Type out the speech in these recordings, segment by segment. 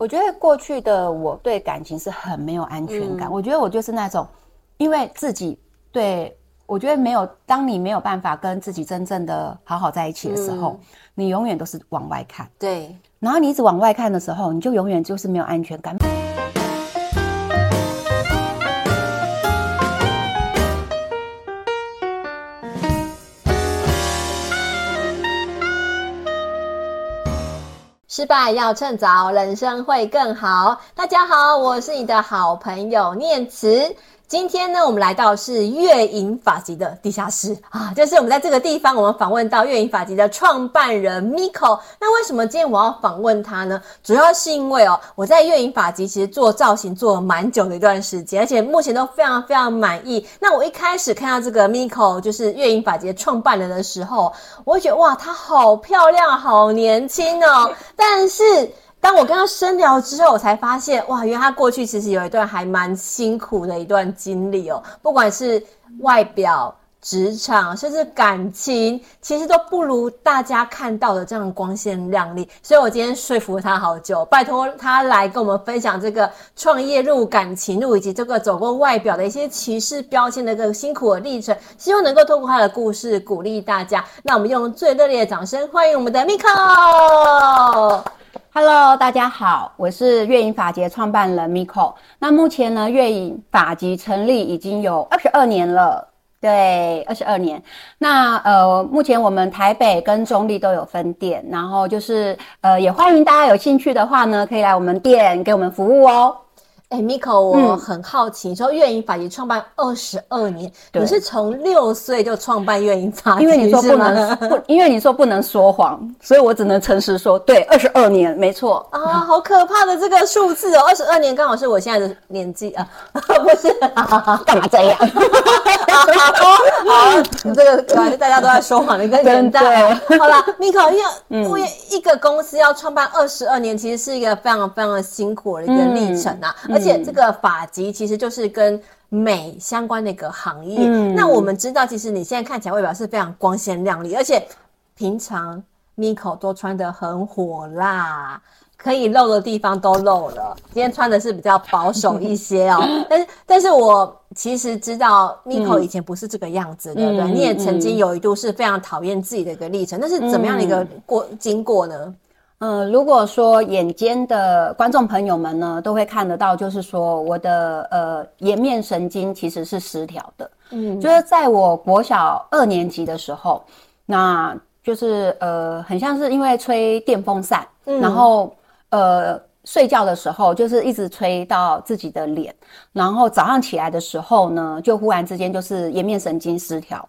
我覺得過去的我對感情是很沒有安全感。嗯、我覺得我就是那種，因為自己對，我覺得沒有，當你沒有辦法跟自己真正的好好的在一起的時候，嗯、你永遠都是往外看。對，然後你一直往外看的時候，你就永遠就是沒有安全感。失敗要趁早，人生會更好。大家好，我是你的好朋友念慈。今天呢，我們來到是月影髮集的地下室啊，就是我們在這個地方，我們訪問到月影髮集的創辦人 Miko。那為什麼今天我要訪問他呢？主要是因為哦，我在月影髮集其實做造型做了蠻久的一段時間，而且目前都非常非常滿意。那我一開始看到這個 Miko，就是月影髮集創辦人的時候，我會覺得哇，她好漂亮，好年輕哦。 但是當我跟他深聊之後，我才發現哇，原來他過去其實有一段還蠻辛苦的一段經歷哦。不管是外表、職場，甚至感情，其實都不如大家看到的這樣的光鮮亮麗。所以我今天說服了他好久，拜託他來跟我們分享這個創業路、感情路，以及這個走過外表的一些歧視標籤的一個辛苦的歷程。希望能夠透過他的故事鼓勵大家。那我們用最熱烈的掌聲歡迎我們的 Miko。Hello，大家好，我是月影髮集創辦人 Miko。那目前呢，月影髮集成立已經有二十二年了，對，二十二年。那呃，目前我們台北跟中壢都有分店，然後就是呃，也歡迎大家有興趣的話呢，可以來我們店給我們服務哦。誒、欸、Miko 我很好奇，嗯、你說月影髮集創辦二十二年，你是從六歲就創辦月影髮集？你說不，能不，因為你說不能說謊，所以我只能誠實說，對，二十二年，沒錯啊，好可怕的這個數字哦，二十二年剛好是我現在的年紀啊，不是、 啊？幹嘛這樣？好、啊，你、啊啊 啊啊 啊、 這個感覺大家都在說謊的一個年代。好了，Miko，因為、嗯、因為一個公司要創辦二十二年，其實是一個非常非常辛苦的一個歷程啊。嗯而且這個髮集其實就是跟美相關的一個行業，嗯。那我們知道，其實你現在看起來外表是非常光鮮亮麗，而且平常 Miko 都穿得很火辣，可以露的地方都露了。今天穿的是比較保守一些哦。 但是但是我其實知道，Miko 以前不是這個樣子的，對、嗯、對？你也曾經有一度是非常討厭自己的一個歷程，那、嗯、是怎麼樣的一個過、嗯、經過呢？嗯，呃，如果說眼尖的觀眾朋友們呢，都會看得到，就是說我的呃顏面神經其實是失調的，嗯，就是在我國小二年級的時候，那就是呃很像是因為吹電風扇，嗯，然後呃。睡覺的時候就是一直吹到自己的臉，然後早上起來的時候呢，就忽然之間就是顏面神經失調。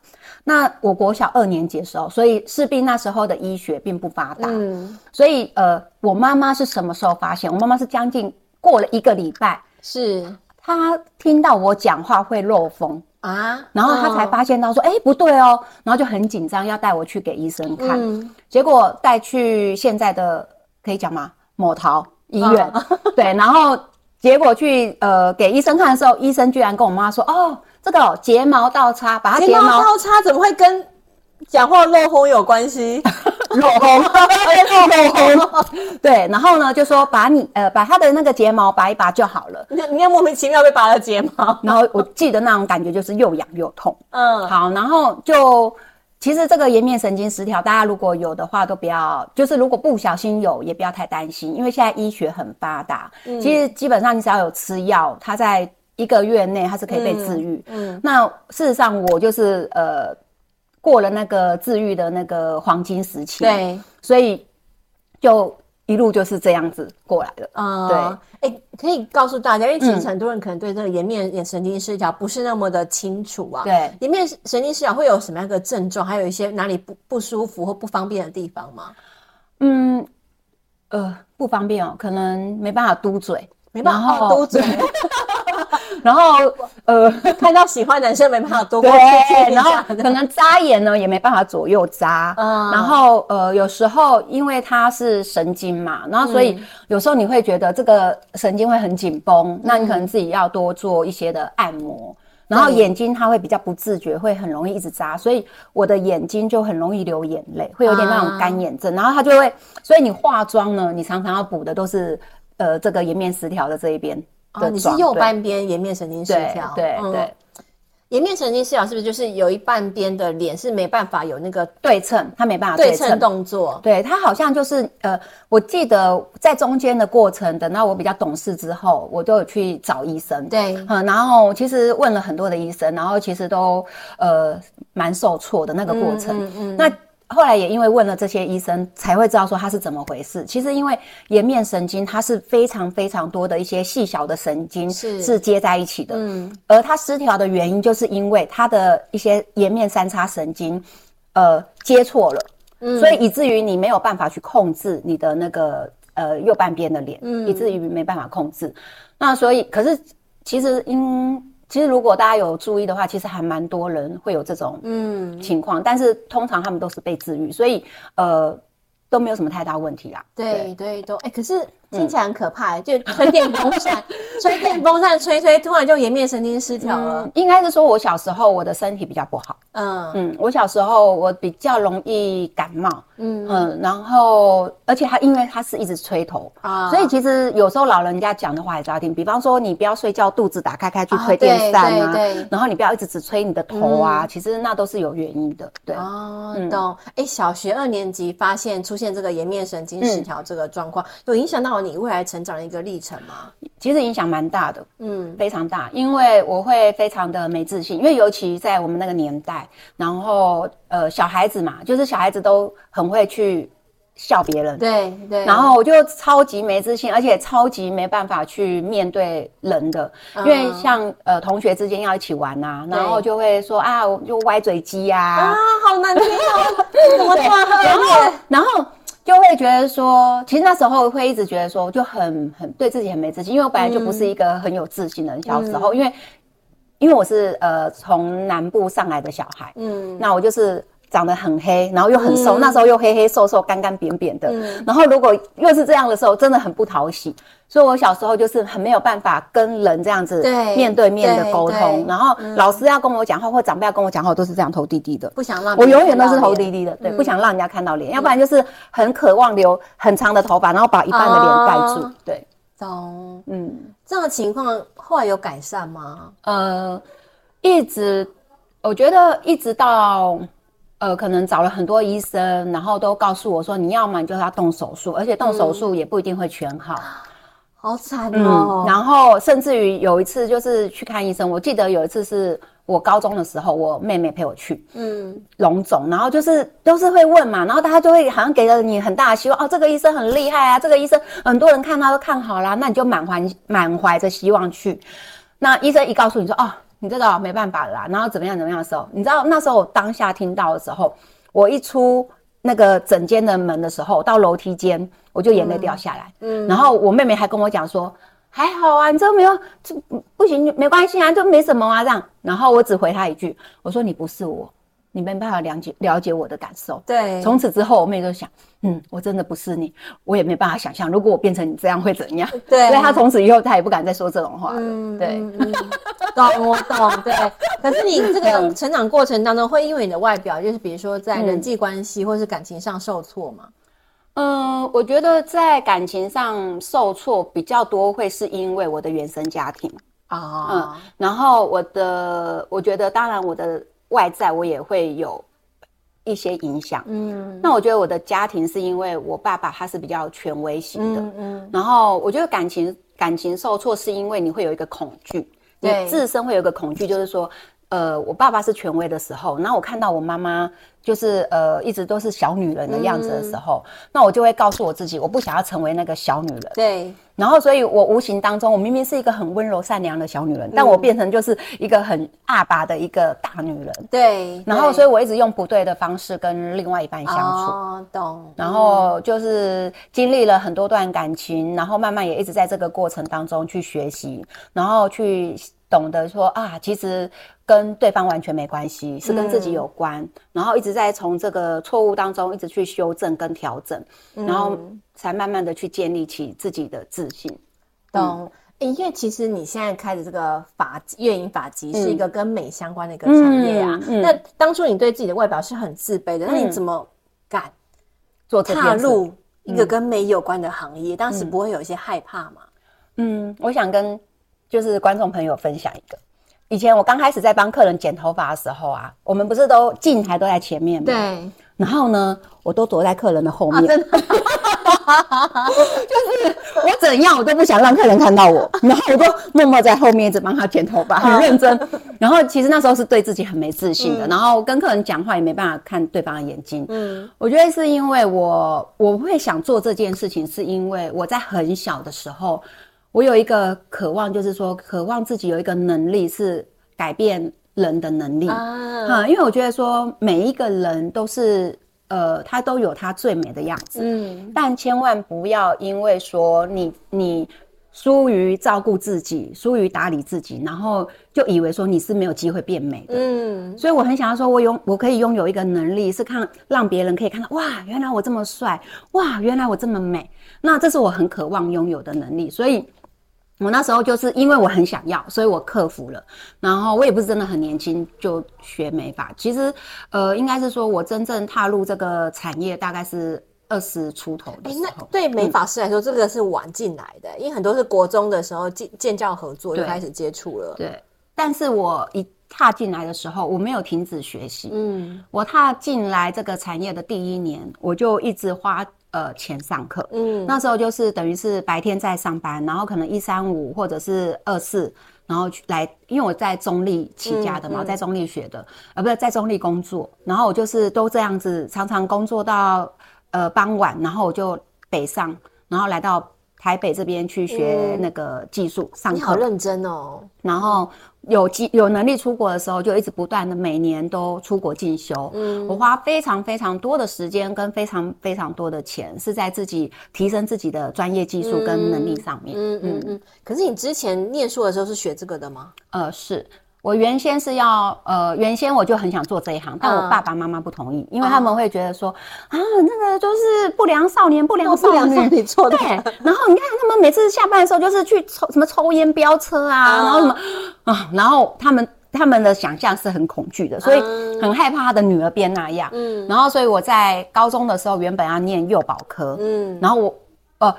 那我國小二年級的時候，所以勢必那時候的醫學並不發達。嗯。所以呃，我媽媽是什麼時候發現？我媽媽是將近過了一個禮拜，是她聽到我講話會漏風啊，然後她才發現到說，哎、哦、不對哦，然後就很緊張要帶我去給醫生看。嗯。結果帶去現在的可以講嗎？某桃。醫院，嗯、對，然後結果去呃給醫生看的時候，醫生居然跟我媽說：“哦，這個、哦、睫毛倒插，把他睫，睫毛倒插怎麼會跟講話漏風有關係？漏 風落空，哎呀漏風，對，然後呢就說把你呃把他的那個睫毛拔一拔就好了。你你要莫名其妙被拔了睫毛，然後我記得那種感覺就是又癢又痛。嗯，好，然後就。其實這個顏面神經失調，大家如果有的話，都不要，就是如果不小心有，也不要太擔心，因為現在醫學很發達。嗯，其實基本上你只要有吃藥，它在一個月內它是可以被治癒。嗯。嗯，那事實上我就是呃，過了那個治癒的那個黃金時期，對，所以就。一路就是這樣子過來的啊、呃。對，哎、欸，可以告訴大家，因為其實很多人可能對這個顏面眼、嗯、神經失調不是那麼的清楚啊。對，顏面神經失調會有什麼樣的症狀？還有一些哪裡不不舒服或不方便的地方嗎？嗯，呃，不方便哦，可能沒辦法嘟嘴，沒辦法嘟、哦、嘴。 然後，呃，看到喜歡男生沒辦法多過去，然後可能眨眼呢 也沒辦法左右眨，嗯，然後呃有時候因為它是神經嘛，然後所以有時候你會覺得這個神經會很緊繃、嗯，那你可能自己要多做一些的按摩、嗯，然後眼睛它會比較不自覺，會很容易一直眨，所以我的眼睛就很容易流眼淚，會有點那種乾眼症、嗯，然後它就會，所以你化妝呢，你常常要補的都是呃這個顏面失調的這一邊。哦、oh，你是右半邊顏面神經失調，對、嗯、對顏面神經失調是不是就是有一半邊的臉是沒辦法有那個對稱，他沒辦法對稱動作，對他好像就是呃，我記得在中間的過程，等到我比較懂事之後，我都有去找醫生，對，嗯、然後其實問了很多的醫生，然後其實都呃蠻受挫的那個過程，嗯嗯，嗯，那。後來也因為問了這些醫生，才會知道說他是怎麼回事。其實因為顏面神經它是非常非常多的一些細小的神經是接在一起的，嗯，而它失調的原因就是因為它的一些顏面三叉神經，呃，接錯了，嗯，所以以至於你沒有辦法去控制你的那個呃右半邊的臉，嗯，以至於沒辦法控制。那所以可是其實因其實，如果大家有注意的話，其實還蠻多人會有這種嗯情況，但是通常他們都是被治癒，所以呃。都沒有什麼太大問題啦、啊。對對，對，都哎、欸，可是聽起來很可怕、欸嗯，就吹電風扇， 吹電風扇吹吹，突然就顏面神經失調了。嗯、應該是說，我小時候我的身體比較不好。嗯嗯，我小時候我比較容易感冒。嗯嗯，然後而且他因為他是一直吹頭、啊，所以其實有時候老人家講的話也是要聽。比方說，你不要睡覺肚子打開開去吹電扇啊，啊對對對，然後你不要一直只吹你的頭啊，嗯、其實那都是有原因的。對哦、啊嗯，懂。哎、欸，小學二年級發現出現現這個顏面神經失調這個狀況，有、嗯、影響到你未來成長的一個歷程嗎？其實影響蠻大的，嗯，非常大，因為我會非常的沒自信，因為尤其在我們那個年代，然後呃，小孩子嘛，就是小孩子都很會去。笑別人，對對，然後我就超級沒自信，而且超級沒辦法去面對人的，嗯、因為像呃同學之間要一起玩吶、啊，然後就會說啊，我就歪嘴雞呀、啊，啊，好難聽，啊。 怎麼這樣？然後對對對然後就會覺得說，其實那時候會一直覺得說，我就很很對自己很沒自信，因為我本來就不是一個很有自信的人，小時候，嗯、因為因為我是呃從南部上來的小孩，嗯，那我就是。長得很黑，然後又很瘦，嗯、那時候又黑黑瘦瘦、乾乾扁扁的、嗯。然後如果又是這樣的時候，真的很不討喜。所以，我小時候就是很沒有辦法跟人這樣子對面對面的溝通。然後，老師要跟我講話、嗯，或長輩要跟我講話，都是這樣頭低低的，不想讓。我永遠都是頭低低的、嗯，對，不想讓人家看到臉、嗯。要不然就是很渴望留很長的頭髮，然後把一半的臉蓋住。哦、對，懂。嗯，這樣的情況後來有改善嗎？呃，一直我覺得一直到。呃，可能找了很多醫生，然後都告訴我說，你要麼你就要動手術，而且動手術也不一定會全好，嗯嗯、好慘哦、嗯。然後甚至於有一次就是去看醫生，我記得有一次是我高中的時候，我妹妹陪我去，嗯，龍總然後就是都是會問嘛，然後大家就會好像給了你很大的希望，哦，這個醫生很厲害啊，這個醫生很多人看他都看好啦，那你就滿懷滿懷着希望去，那醫生一告訴你說，哦。你知道沒辦法了啦，然後怎麼樣怎麼樣的時候，你知道那時候我當下聽到的時候，我一出那個整間的門的時候，到樓梯間我就眼淚掉下來。嗯，然後我妹妹還跟我講說，還好啊，你這沒有這不行，沒關係啊，這沒什麼啊，這樣。然後我只回她一句，我說你不是我。你沒辦法了解了解我的感受。對，從此之後，我妹就想，嗯，我真的不是你，我也沒辦法想象，如果我變成你這樣會怎樣。對，所以她從此以後，她也不敢再說這種話了。了、嗯。對，嗯嗯、懂我懂。對， 可是你這個成長過程當中，會因為你的外表，嗯、就是比如說在人際關係或是感情上受挫嗎？嗯，我覺得在感情上受挫比較多，會是因為我的原生家庭啊、哦。嗯，然後我的，我覺得當然我的。外在我也會有一些影響，嗯，那我覺得我的家庭是因為我爸爸他是比較權威型的，嗯，嗯，然後我覺得感情感情受挫是因為你會有一個恐懼，對，你自身會有一個恐懼，就是說，呃，我爸爸是權威的時候，然後我看到我媽媽就是呃一直都是小女人的樣子的時候，嗯，那我就會告訴我自己，我不想要成為那個小女人，對。然後，所以我無形當中，我明明是一個很溫柔善良的小女人，嗯、但我變成就是一個很阿爸的一個大女人。對。然後，所以我一直用不對的方式跟另外一半相處。哦，oh, 懂。然後就是經歷了很多段感情，嗯，然後慢慢也一直在這個過程當中去學習，然後去。懂得說啊，其實跟對方完全沒關係，是跟自己有關。嗯、然後一直在從這個錯誤當中一直去修正跟調整、嗯，然後才慢慢的去建立起自己的自信。懂，欸、因為其實你現在開的這個髮，月影髮集是一個跟美相關的一個產業啊、嗯嗯嗯嗯。那當初你對自己的外表是很自卑的，嗯、那你怎麼敢做踏入一個跟美有關的行業？嗯、當時不會有一些害怕嗎？嗯，我想跟。就是觀眾朋友分享一個，以前我剛開始在幫客人剪頭髮的時候啊，我們不是都鏡檯都在前面嗎？對。然後呢，我都躲在客人的後面。啊，真的。 就是我怎樣我都不想讓客人看到我， 然後我都默默在後面一直幫他剪頭髮， 很認真。然後其實那時候是對自己很沒自信的，嗯，然後跟客人講話也沒辦法看對方的眼睛。嗯，我覺得是因為我，我會想做這件事情，是因為我在很小的時候。我有一個渴望，就是說渴望自己有一個能力是改變人的能力啊，因為我覺得說，每一個人都是呃，他都有他最美的樣子，嗯，但千萬不要因為說你你疏於照顧自己，疏於打理自己，然後就以為說你是沒有機會變美的，嗯，所以我很想要說，我擁我可以擁有一個能力，是看讓別人可以看到，哇，原來我這麼帥，哇，原來我這麼美，那這是我很渴望擁有的能力，所以。我那時候就是因為我很想要，所以我克服了。然後我也不是真的很年輕就學美髮。其實，呃，應該是說我真正踏入這個產業大概是二十出頭的時候。哎，那對美髮師來說，嗯、這個是晚進來的，因為很多是國中的時候建建教合作就開始接觸了對。對，但是我一踏進來的時候，我沒有停止學習。嗯，我踏進來這個產業的第一年，我就一直花。呃，前上課，嗯，那時候就是等於是白天在上班，然後可能一三五或者是二四，然後來，因為我在中壢起家的嘛，嗯嗯、在中壢學的，呃，不是在中壢工作，然後我就是都這樣子，常常工作到呃傍晚，然後我就北上，然後來到台北這邊去學那個技術、嗯、上課，你很認真哦，然後。有機有能力出國的時候，就一直不斷的每年都出國進修。嗯，我花非常非常多的時間跟非常非常多的錢，是在自己提升自己的專業技術跟能力上面。嗯嗯嗯。可是你之前念書的時候是學這個的嗎？呃，是。我原先是要，呃，原先我就很想做這一行，但我爸爸媽媽不同意，嗯，因為他們會覺得說，嗯，啊，那個就是不良少年、不良少女，哦，不良少女你做的，對， 對。然後你看他們每次下班的時候，就是去抽什麼抽菸、飆車啊、嗯，然後什麼啊，然後他們他們的想象是很恐懼的，所以很害怕他的女兒變那樣。嗯。然後，所以我在高中的時候原本要念幼保科，嗯，然後我，呃。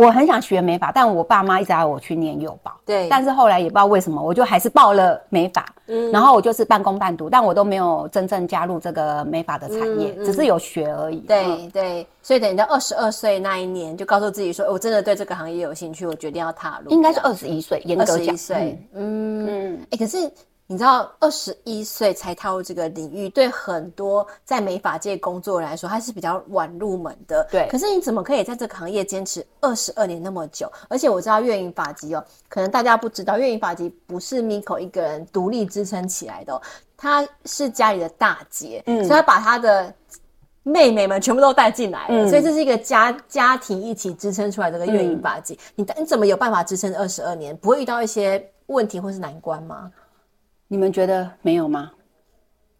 我很想學美髮，但我爸媽一直要我去念幼保。對，但是後來也不知道為什麼，我就還是報了美髮。嗯，然後我就是半工半讀，但我都沒有真正加入這個美髮的產業、嗯嗯，只是有學而已。對對，所以等於到二十二歲那一年，就告訴自己說、呃，我真的對這個行業有興趣，我決定要踏入。應該是二十一歲，嚴格講。嗯，嗯、欸。可是。你知道，二十一歲才踏入這個領域，對很多在美髮界工作人來說，他是比較晚入門的。對，可是你怎麼可以在這個行業堅持二十二年那麼久？而且我知道月影髮集哦，可能大家不知道，月影髮集不是 Miko 一個人獨立支撐起來的，哦，他是家裡的大姐，嗯、所以他把他的妹妹們全部都帶進來，嗯，所以這是一個家家庭一起支撐出來的這個月影髮集，嗯。你你怎麼有辦法支撐二十二年？不會遇到一些問題或是難關嗎？你們覺得沒有嗎？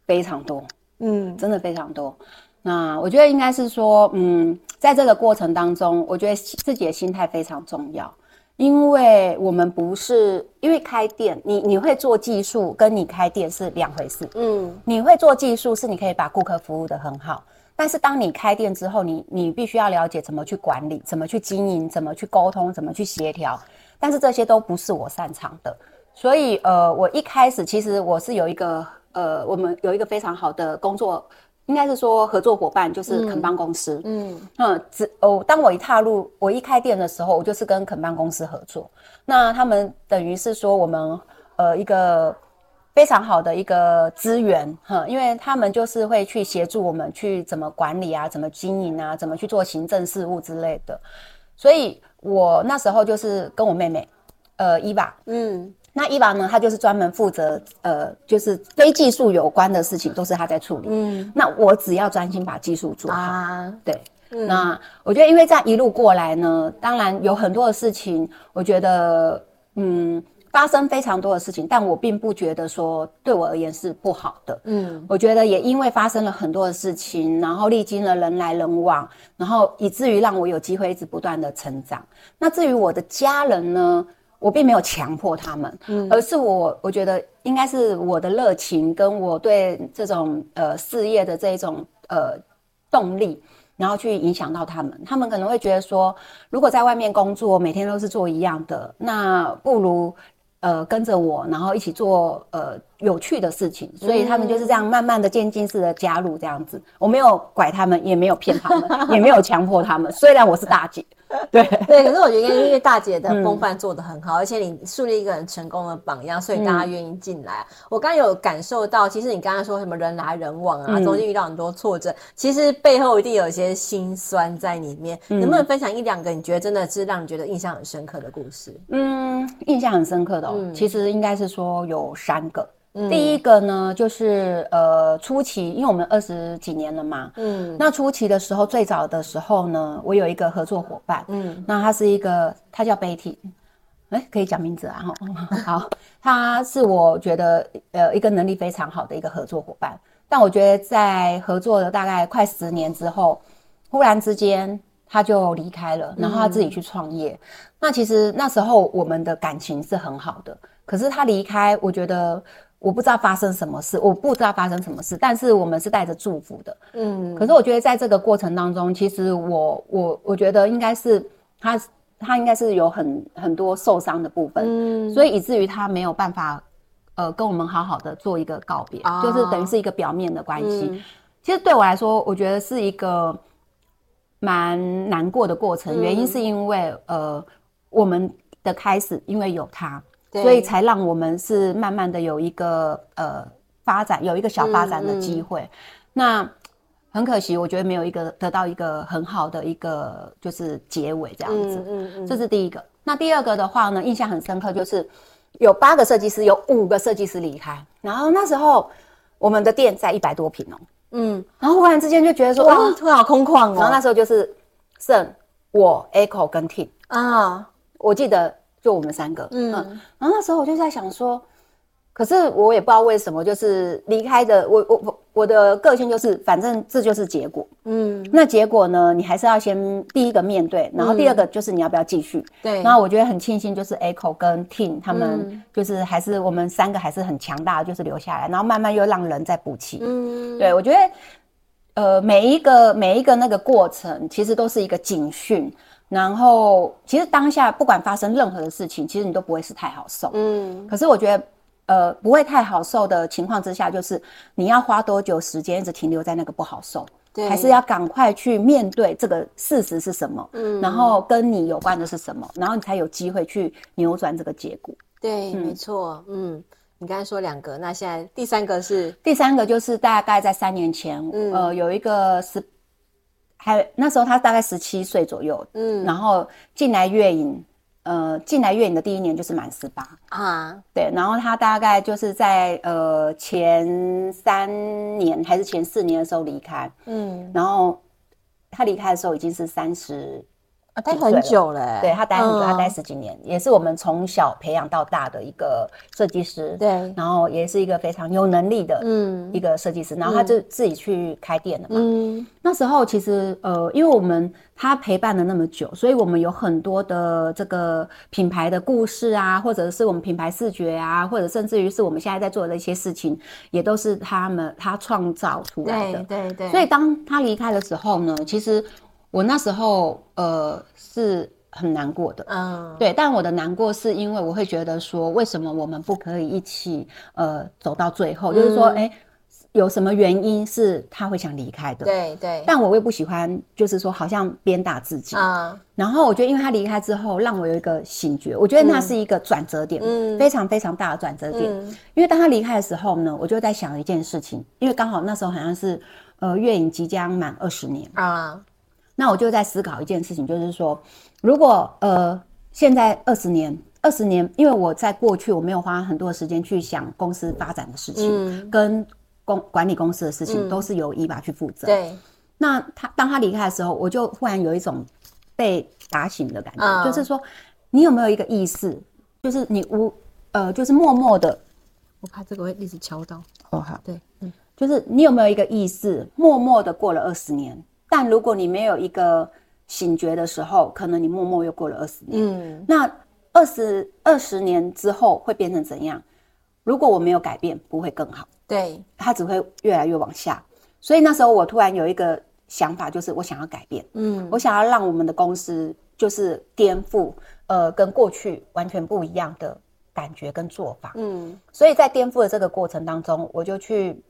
非常多，嗯，真的非常多。那我覺得應該是說，嗯，在這個過程當中，我覺得自己的心態非常重要，因為我們不是因為開店，你你會做技術，跟你開店是兩回事，嗯，你會做技術是你可以把顧客服務得很好，但是當你開店之後，你你必須要了解怎麼去管理，怎麼去經營，怎麼去溝通，怎麼去協調，但是這些都不是我擅長的。所以，呃，我一開始其實我是有一個，呃，我們有一個非常好的工作，應該是說合作夥伴就是肯邦公司，嗯嗯，嗯，只哦，當我一踏入，我一開店的時候，我就是跟肯邦公司合作。那他們等於是說我們，呃，一個非常好的一個資源，哼、嗯，因為他們就是會去協助我們去怎麼管理啊，怎麼經營啊，怎麼去做行政事務之類的。所以我那時候就是跟我妹妹，呃，伊娃，嗯。那伊娃呢？她就是專門負責，呃，就是非技術有關的事情，都是她在處理。嗯，那我只要專心把技術做好。啊、對、嗯，那我覺得因為這樣一路過來呢，當然有很多的事情，我覺得，嗯，發生非常多的事情，但我並不覺得說對我而言是不好的。嗯，我覺得也因為發生了很多的事情，然後歷經了人來人往，然後以至於讓我有機會一直不斷的成長。那至於我的家人呢？我並沒有強迫他們，嗯，而是我我覺得應該是我的熱情跟我對這種呃事業的這種呃動力，然後去影響到他們。他們可能會覺得說，如果在外面工作，每天都是做一樣的，那不如呃跟着我，然後一起做呃有趣的事情。所以他們就是這樣慢慢的漸進式的加入這樣子。嗯。我沒有拐他們，也沒有騙他們， 也沒有強迫他們。雖然我是大姐。 對對，可是我覺得因為大姐的風範做得很好，嗯，而且你樹立一個很成功的榜樣，所以大家願意進來。嗯、我剛有感受到，其實你剛剛說什麼人來人往啊，嗯、中間遇到很多挫折，其實背後一定有一些心酸在裡面。嗯、能不能分享一兩個你覺得真的是讓你覺得印象很深刻的故事？嗯，印象很深刻的，哦嗯，其實應該是說有三個。第一個呢，嗯，就是呃初期，因為我們二十幾年了嘛，嗯，那初期的時候，最早的時候呢，我有一個合作夥伴，嗯，那他是一個，他叫 Betty，欸，可以講名字啊，呵呵，好，他是我覺得呃一個能力非常好的一個合作夥伴，但我覺得在合作了大概快十年之後，忽然之間他就離開了，然後他自己去創業，嗯，那其實那時候我們的感情是很好的，可是他離開，我覺得。我不知道發生什麼事，我不知道發生什麼事，但是我們是帶着祝福的，嗯。可是我覺得在這個過程當中，其實我我我覺得應該是他他應該是有很很多受傷的部分，嗯。所以以至於他沒有辦法，呃，跟我們好好的做一個告別，哦，就是等於是一個表面的關係，嗯。其實對我來說，我覺得是一個蠻難過的過程，嗯，原因是因為呃，我們的開始因為有他。所以才讓我們是慢慢的有一個呃發展，有一個小發展的機會。嗯嗯、那很可惜，我覺得沒有一個得到一個很好的一個就是結尾這樣子。嗯嗯，嗯這是第一個。那第二個的話呢，印象很深刻，就是，就是有八個設計師，有五個設計師離開。然後那時候我們的店在一百多平哦。嗯。然後忽然之間就覺得說哇，哦啊，突然好空曠哦。然後那時候就是剩我 Echo 跟 Tim 啊，我記得。就我們三個嗯，嗯，然後那時候我就在想說，可是我也不知道為什麼，就是離開的我，我我我的個性就是，反正這就是結果，嗯，那結果呢，你還是要先第一個面對，然後第二個就是你要不要繼續，對、嗯，然後我覺得很慶幸，就是 Echo 跟 Tim 他們就是還是、嗯、我們三個還是很強大的，就是留下來，然後慢慢又讓人再補齊，嗯，對，我覺得，呃，每一個每一個那個過程其實都是一個警訓。然後，其實當下不管發生任何的事情，其實你都不會是太好受。嗯。可是我覺得，呃，不會太好受的情況之下，就是你要花多久時間一直停留在那個不好受？對。還是要趕快去面對這個事實是什麼？嗯。然後跟你有關的是什麼？然後你才有機會去扭轉這個結果。對，嗯、沒錯。嗯。你剛才說兩個，那現在第三個是？第三個就是大概在三年前，嗯、呃，有一個是。還那時候他大概十七歲左右，嗯，然後進來月影，呃，進來月影的第一年就是滿十八啊，對，然後他大概就是在呃前三年還是前四年的時候離開，嗯，然後他離開的時候已經是三十。待很久了，欸，欸、對他待很久，他待十幾年，嗯，也是我們從小培養到大的一個設計師，對，然後也是一個非常有能力的，嗯，一個設計師，嗯。然後他就自己去開店了嘛。嗯，那時候其實呃，因為我們他陪伴了那麼久，所以我們有很多的這個品牌的故事啊，或者是我們品牌視覺啊，或者甚至於是我們現在在做的一些事情，也都是他們他創造出來的。對對對。所以當他離開的時候呢，其實。我那時候呃是很難過的，嗯，對，但我的難過是因為我會覺得說，為什麼我們不可以一起呃走到最後？嗯、就是說，哎、欸，有什麼原因是他會想離開的？對對。但我又不喜歡，就是說，好像鞭打自己啊。嗯、然後我覺得，因為他離開之後，讓我有一個醒覺。我覺得那是一個轉折點，嗯，非常非常大的轉折點。嗯、因為當他離開的時候呢，我就在想一件事情，因為剛好那時候好像是呃月影即將滿二十年啊。嗯嗯那我就在思考一件事情，就是說，如果呃，現在二十年，二十年，因為我在過去我沒有花很多時間去想公司發展的事情，嗯、跟公管理公司的事情、嗯、都是由伊爸去負責。對，那他當他離開的時候，我就忽然有一種被打醒的感覺，嗯、就是說，你有沒有一個意識，就是你無呃，就是默默的，我怕這個會一直敲到，哦，好，對，嗯，就是你有沒有一個意識，默默的過了二十年。但如果你沒有一個醒覺的時候，可能你默默又過了二十年。嗯，那二十二十年之後會變成怎樣？如果我沒有改變，不會更好。對，它只會越來越往下。所以那時候我突然有一個想法，就是我想要改變。嗯，我想要讓我們的公司就是顛覆，呃，跟過去完全不一樣的感覺跟做法。嗯，所以在顛覆的這個過程當中，我就去。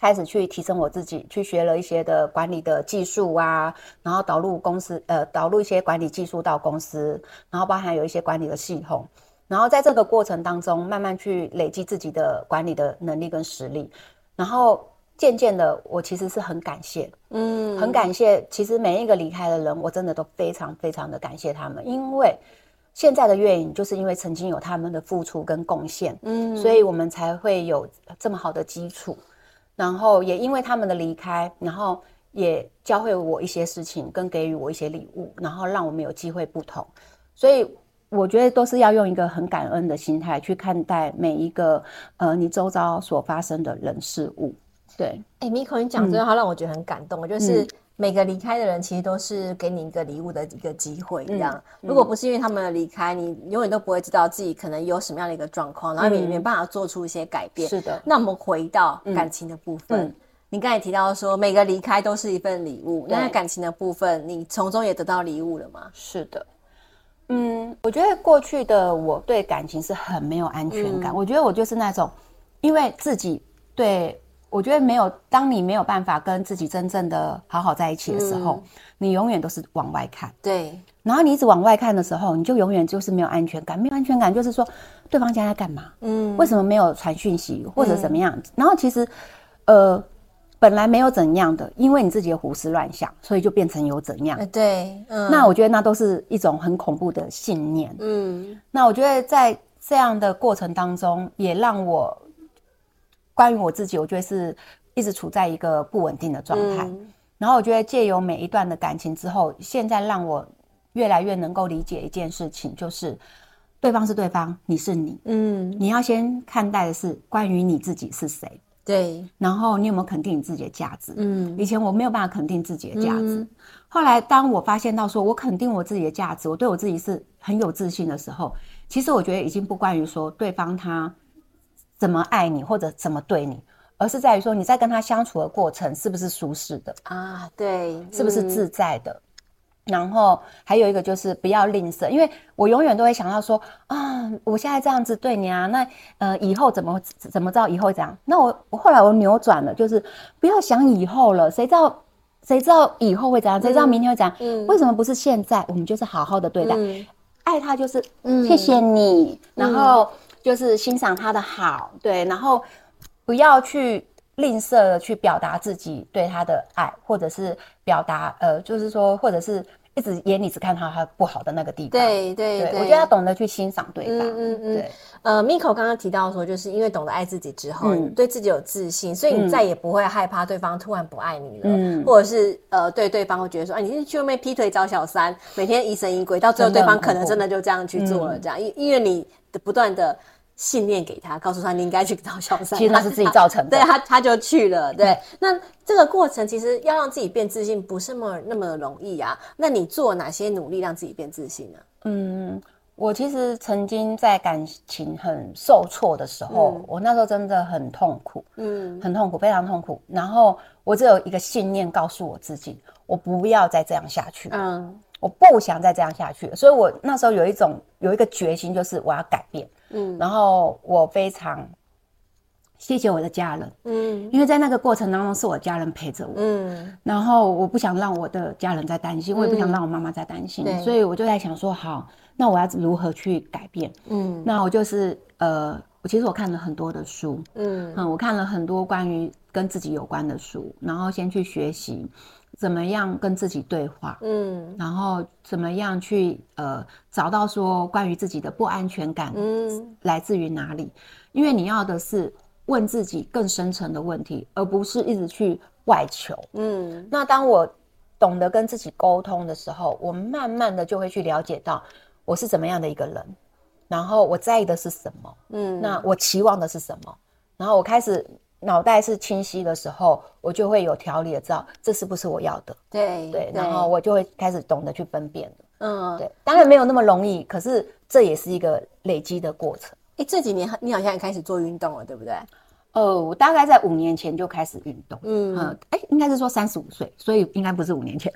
開始去提升我自己，去學了一些的管理的技術啊，然後導入公司，呃，導入一些管理技術到公司，然後包含有一些管理的系統，然後在這個過程當中，慢慢去累積自己的管理的能力跟實力，然後漸漸的，我其實是很感謝，嗯，很感謝，其實每一個離開的人，我真的都非常非常的感謝他們，因為現在的月影就是因為曾經有他們的付出跟貢獻，嗯，所以我們才會有這麼好的基礎。然後也因為他們的離開，然後也教會我一些事情，跟給予我一些禮物，然後讓我們有機會不同。所以我覺得都是要用一個很感恩的心態去看待每一個呃你周遭所發生的人事物。對，哎、欸、，Miko，你講這段話讓我覺得很感動，我就是。嗯每個離開的人，其實都是給你一個禮物的一個機會這樣、嗯。如果不是因為他們的離開，你永遠都不會知道自己可能有什麼樣的一個狀況、嗯，然後也沒辦法做出一些改變。是的。那我們回到感情的部分，嗯、你剛才提到說每個離開都是一份禮物，那、嗯、感情的部分，你從中也得到禮物了嗎？是的。嗯，我覺得過去的我對感情是很沒有安全感。嗯、我覺得我就是那種因為自己對。我覺得沒有，當你沒有辦法跟自己真正的好好在一起的時候、嗯，你永遠都是往外看。對，然後你一直往外看的時候，你就永遠就是沒有安全感。沒有安全感就是說，對方現在，在幹嘛？嗯，為什麼沒有傳訊息或者什麼樣子、嗯。然後其實，呃，本來沒有怎樣的，因為你自己胡思亂想，所以就變成有怎樣。呃、對、嗯，那我覺得那都是一種很恐怖的信念。嗯，那我覺得在這樣的過程當中，也讓我。關於我自己，我覺得是一直處在一個不穩定的狀態。嗯。然後我覺得借由每一段的感情之後，現在讓我越來越能夠理解一件事情，就是對方是對方，你是你。嗯，你要先看待的是關於你自己是誰。對。然後你有沒有肯定你自己的價值？嗯。以前我沒有辦法肯定自己的價值。嗯。後來當我發現到說，我肯定我自己的價值，我對我自己是很有自信的時候，其實我覺得已經不關於說對方他。怎麼愛你或者怎麼對你，而是在於說你在跟他相處的過程是不是舒適的啊？對，是不是自在的？嗯。然後還有一個就是不要吝嗇，因為我永遠都會想到說啊，我現在這樣子對你啊，那呃，以後怎麼怎麼着？以後這樣，那我我後來我扭轉了，就是不要想以後了，誰知道誰知道以後會怎樣？嗯，誰知道明天會怎樣？嗯，為什麼不是現在？我們就是好好的對待，嗯、愛他就是，嗯，謝謝你。嗯、然後。嗯就是欣賞他的好，對，然後不要去吝嗇的去表達自己對他的愛，或者是表達呃，就是說，或者是一直眼裡只看他他不好的那個地方。對對對，對，我覺得要懂得去欣賞對方。嗯嗯嗯。對，呃，Miko 剛剛提到說，就是因為懂得愛自己之後、嗯，你對自己有自信，所以你再也不會害怕對方突然不愛你了，嗯，或者是呃，對對方會覺得說，啊、哎，你去外面劈腿找小三，每天疑神疑鬼，到最後對方可能真的就這樣去做了，這樣，因因為你。不斷的信念給他，告訴他你應該去找小三。其實他是自己造成的， 對，他他就去了對。對，那這個過程其實要讓自己變自信，不是那麼那麼容易啊？那你做哪些努力讓自己變自信呢？啊？嗯，我其實曾經在感情很受挫的時候，嗯，我那時候真的很痛苦，嗯，很痛苦，非常痛苦。然後我只有一個信念告訴我自己，我不要再這樣下去了。嗯。我不想再這樣下去，所以我那時候有一種有一個決心，就是我要改變。嗯，然後我非常謝謝我的家人，嗯，因為在那個過程當中是我家人陪着我，嗯，然後我不想讓我的家人再擔心，我、嗯、也不想讓我媽媽再擔心、嗯，所以我就在想說，好，那我要如何去改變？嗯，那我就是呃，我其實我看了很多的書，嗯嗯，我看了很多關於跟自己有關的書，然後先去學習。怎麼樣跟自己對話？嗯，然後怎麼樣去呃找到說關於自己的不安全感，嗯，來自於哪裡？嗯，因為你要的是問自己更深層的問題，而不是一直去外求。嗯，那當我懂得跟自己溝通的時候，我慢慢的就會去了解到我是怎麼樣的一個人，然後我在意的是什麼？嗯，那我期望的是什麼？然後我開始。腦袋是清晰的時候，我就會有條理的知道這是不是我要的，對對，對，然後我就會開始懂得去分辨，嗯，對，當然沒有那麼容易，嗯，可是這也是一個累積的過程。哎，這幾年你好像也開始做運動了，對不對？哦，我大概在五年前就開始運動，嗯，哎，嗯，應該是說三十五歲，所以應該不是五年前，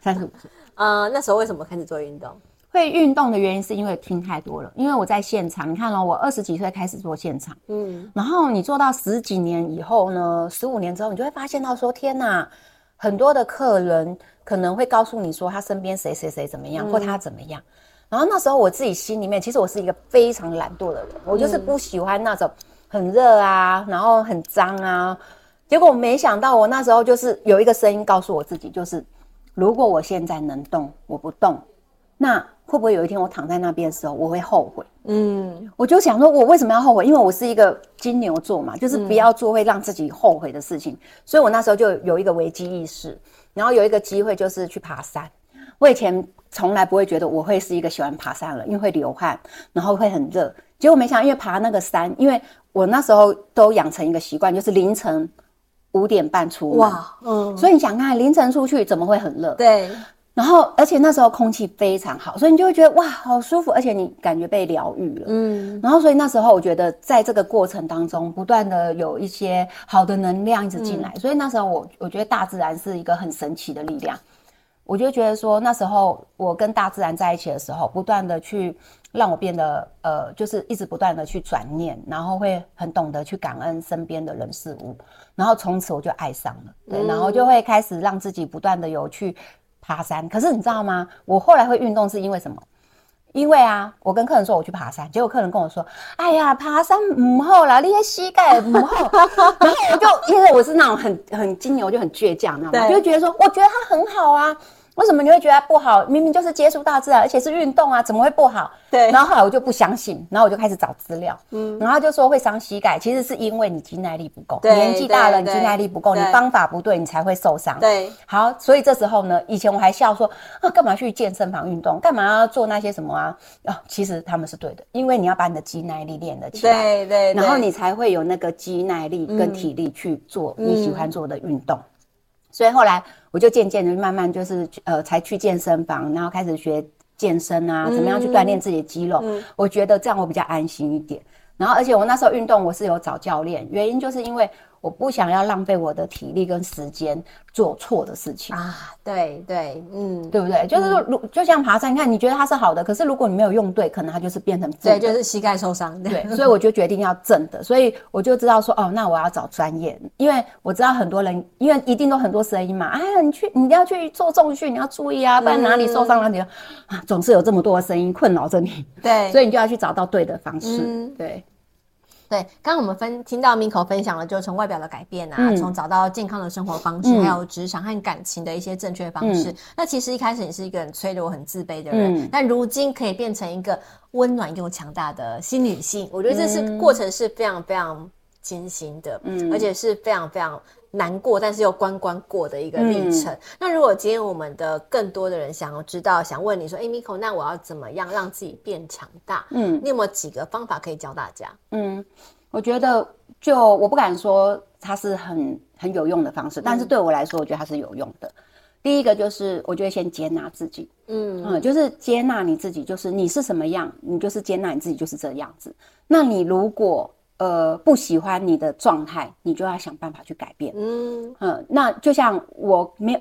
三十五歲。啊，嗯，那時候為什麼開始做運動？會運動的原因是因為聽太多了，因為我在現場。你看哦、喔，我二十幾歲開始做現場，嗯，然後你做到十幾年以後呢，十五年之後，你就會發現到說天哪、啊，很多的客人可能會告訴你說他身邊誰誰誰怎麼樣、嗯，或他怎麼樣。然後那時候我自己心裡面，其實我是一個非常懶惰的人，我就是不喜歡那種很熱啊，然後很髒啊。結果沒想到我那時候就是有一個聲音告訴我自己，就是如果我現在能動，我不動，那。會不會有一天我躺在那邊的時候，我會後悔？嗯，我就想說，我為什麼要後悔？因為我是一個金牛座嘛，就是不要做會讓自己後悔的事情。嗯，所以我那時候就有一個危機意識，然後有一個機會就是去爬山。我以前從來不會覺得我會是一個喜歡爬山人，因為會流汗，然後會很熱。結果沒想到，因為爬那個山，因為我那時候都養成一個習慣，就是凌晨五點半出門。哇，嗯，所以你想看，凌晨出去怎麼會很熱？對。然後，而且那時候空氣非常好，所以你就會覺得哇，好舒服，而且你感覺被療癒了。嗯，然後所以那時候我覺得，在這個過程當中，不斷的有一些好的能量一直進來，嗯，所以那時候我我覺得大自然是一個很神奇的力量。我就覺得說，那時候我跟大自然在一起的時候，不斷的去讓我變得呃，就是一直不斷的去轉念，然後會很懂得去感恩身邊的人事物，然後從此我就愛上了，對，嗯，然後就會開始讓自己不斷的有去。爬山，可是你知道嗎？我後來會運動是因為什麼？因為啊，我跟客人說我去爬山，結果客人跟我說：“哎呀，爬山不好啦，你的膝蓋不好。”然後我就因為我是那種很很金牛，就很倔強那種，就覺得說，我覺得它很好啊。為什麼你會覺得不好？明明就是接觸大自然啊，而且是運動啊，怎麼會不好？對。然後後來我就不相信，然後我就開始找資料。嗯。然後就說會傷膝蓋，其實是因為你肌耐力不夠。對。年紀大了，你肌耐力不夠，你方法不對，你才會受傷。對。好，所以這時候呢，以前我還笑說，那幹嘛去健身房運動？幹嘛要做那些什麼啊？啊，其實他們是對的，因為你要把你的肌耐力練了起來。對對，對。然後你才會有那個肌耐力跟體力去做你喜歡做的運動。嗯嗯。所以後來我就漸漸的慢慢就是去呃，才去健身房，然後開始學健身啊，嗯、怎麼樣去鍛鍊自己的肌肉、嗯。我覺得這樣我比較安心一點。嗯、然後而且我那時候運動我是有找教練，原因就是因為。我不想要浪費我的體力跟時間做錯的事情啊！對對，嗯，對不對？嗯、就是說，如就像爬山，你看你覺得它是好的，可是如果你沒有用對，可能它就是變成對，就是膝蓋受傷對。對，所以我就決定要正的，所以我就知道說， 哦，那我要找專業，因為我知道很多人，因為一定都很多聲音嘛。哎呀，你去你要去做重訓，你要注意啊，不然哪裡受傷了你就啊，總是有這麼多的聲音困擾着你。對，所以你就要去找到對的方式。嗯、對。對，剛剛我們分聽到 Miko 分享了，就從外表的改變啊，嗯、從找到健康的生活方式、嗯，還有職場和感情的一些正確方式。嗯、那其實一開始你是一個很脆弱很自卑的人、嗯，但如今可以變成一個溫暖又強大的新女性、嗯，我覺得這是過程是非常非常艱辛的，嗯，而且是非常非常。難過，但是又關關過的一個歷程、嗯。那如果今天我們的更多的人想要知道，想問你說：“誒、欸、Miko 那我要怎麼樣讓自己變強大？”嗯，你有沒有幾個方法可以教大家？嗯，我覺得就我不敢說它是很很有用的方式，但是對我來說，我覺得它是有用的。嗯、第一個就是我覺得先接納自己，嗯嗯，就是接納你自己，就是你是什麼樣，你就是接納你自己，就是這樣子。那你如果呃，不喜歡你的狀態，你就要想辦法去改變。嗯嗯，那就像我沒有，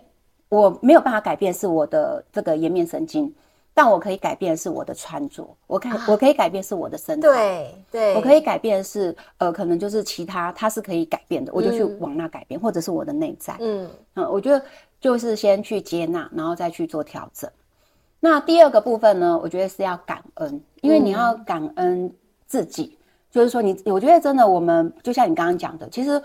我沒有辦法改變是我的這個顏面神經，但我可以改變是我的穿着，我看、啊、我可以改變是我的身材。對對，我可以改變是呃，可能就是其他它是可以改變的，我就去往那改變，嗯、或者是我的內在。嗯嗯，我覺得就是先去接納，然後再去做調整。那第二個部分呢，我覺得是要感恩，因為你要感恩自己。嗯就是說你，你我覺得真的，我們就像你剛剛講的，其實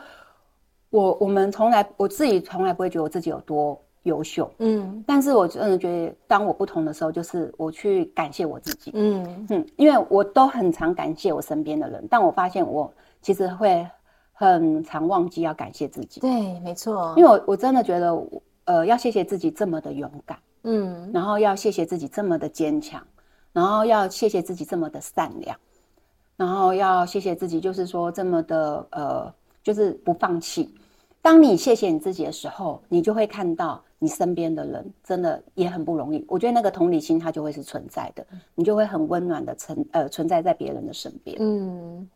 我我們從來我自己從來不會覺得我自己有多優秀，嗯，但是我真的覺得，當我不同的時候，就是我去感謝我自己，嗯嗯，因為我都很常感謝我身邊的人，但我發現我其實會很常忘記要感謝自己，對，沒錯，因為我我真的覺得，呃，要謝謝自己這麼的勇敢，嗯，然後要謝謝自己這麼的堅強，然後要謝謝自己這麼的善良。然後要謝謝自己，就是說這麼的，呃，就是不放棄。當你謝謝你自己的時候，你就會看到你身邊的人真的也很不容易。我覺得那個同理心它就會是存在的，你就會很溫暖的存，呃，存在在別人的身邊。嗯，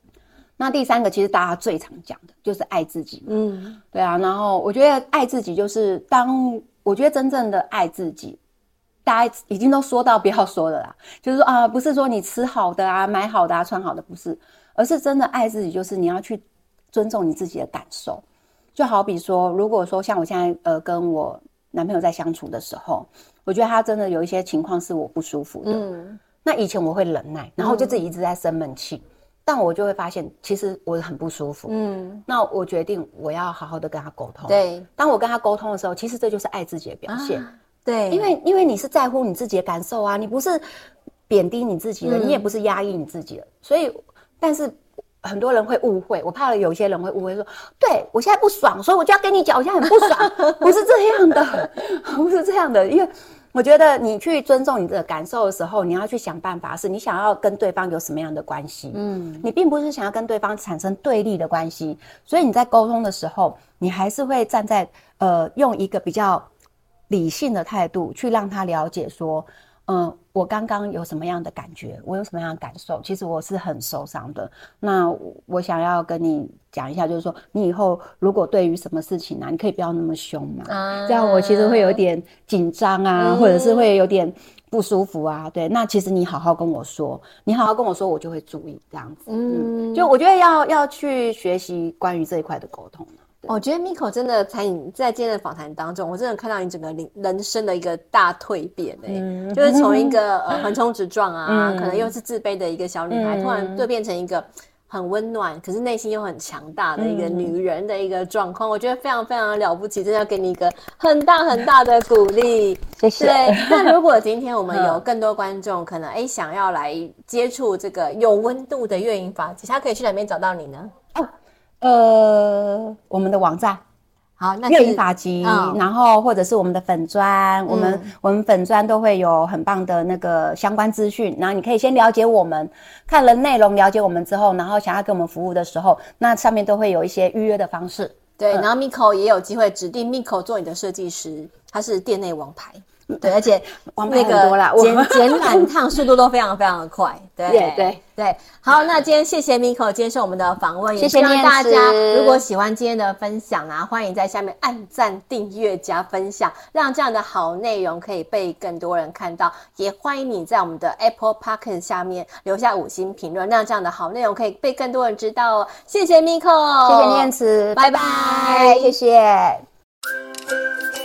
那第三個其實大家最常講的就是愛自己。嗯，對啊。然後我覺得愛自己就是當，當我覺得真正的愛自己。大家已經都說到不要說了啦，就是說啊，呃，不是說你吃好的啊、買好的啊、穿好的，不是，而是真的愛自己，就是你要去尊重你自己的感受。就好比說，如果說像我現在呃跟我男朋友在相處的時候，我覺得他真的有一些情況是我不舒服的，嗯，那以前我會忍耐，然後就自己一直在生悶氣，嗯，但我就會發現其實我很不舒服，嗯，那我決定我要好好的跟他溝通，對，當我跟他溝通的時候，其實這就是愛自己的表現。啊對，因為因為你是在乎你自己的感受啊，你不是貶低你自己的、嗯、你也不是壓抑你自己的，所以，但是很多人會誤會，我怕有些人會誤會說，對，我現在不爽，所以我就要跟你講，我現在很不爽， 不是這樣的，不是這樣的，因為我覺得你去尊重你的感受的時候，你要去想辦法，是你想要跟對方有什麼樣的關係，嗯，你並不是想要跟對方產生對立的關係，所以你在溝通的時候，你還是會站在，呃，用一個比較。理性的態度去讓他了解，說，嗯，我剛剛有什麼樣的感覺，我有什麼樣的感受，其實我是很受傷的。那我想要跟你講一下，就是說，你以後如果對於什麼事情啊，你可以不要那麼兇嘛、啊，這樣我其實會有點緊張啊、嗯，或者是會有點不舒服啊。對，那其實你好好跟我說，你好好跟我說，我就會注意這樣子。嗯，嗯，就我覺得要要去學習關於這一塊的溝通。我覺得 Miko 真的，在你在今天的訪談當中，我真的看到你整個人生的一個大蛻變嘞、嗯，就是從一個呃橫衝直撞啊、嗯，可能又是自卑的一個小女孩，嗯、突然就變成一個很溫暖，可是內心又很強大的一個女人的一個狀況、嗯。我覺得非常非常了不起，真的要給你一個很大很大的鼓勵，謝謝。 那如果今天我們有更多觀眾可能誒想要來接觸這個有溫度的月影髮，其實他可以去哪邊找到你呢？呃，我們的網站，好，那月影髮集、哦，然後或者是我們的粉專、嗯，我們我們粉專都會有很棒的那個相關資訊，然後你可以先了解我們，看了內容了解我們之後，然後想要給我們服務的時候，那上面都會有一些預約的方式。對，嗯、然後 Miko 也有機會指定 Miko 做你的設計師，他是店內王牌。對，而且多那個剪剪染燙，速度都非常非常的快。對 yeah, 對對，好，那今天謝謝 Miko 接受我們的訪問，謝謝念慈。也希望大家如果喜歡今天的分享啊，歡迎在下面按讚、訂閱、加分享，讓這樣的好內容可以被更多人看到。也歡迎你在我們的 Apple Podcast 下面留下五星評論，讓這樣的好內容可以被更多人知道哦。謝謝 Miko，謝謝念慈，拜拜，okay, 謝謝。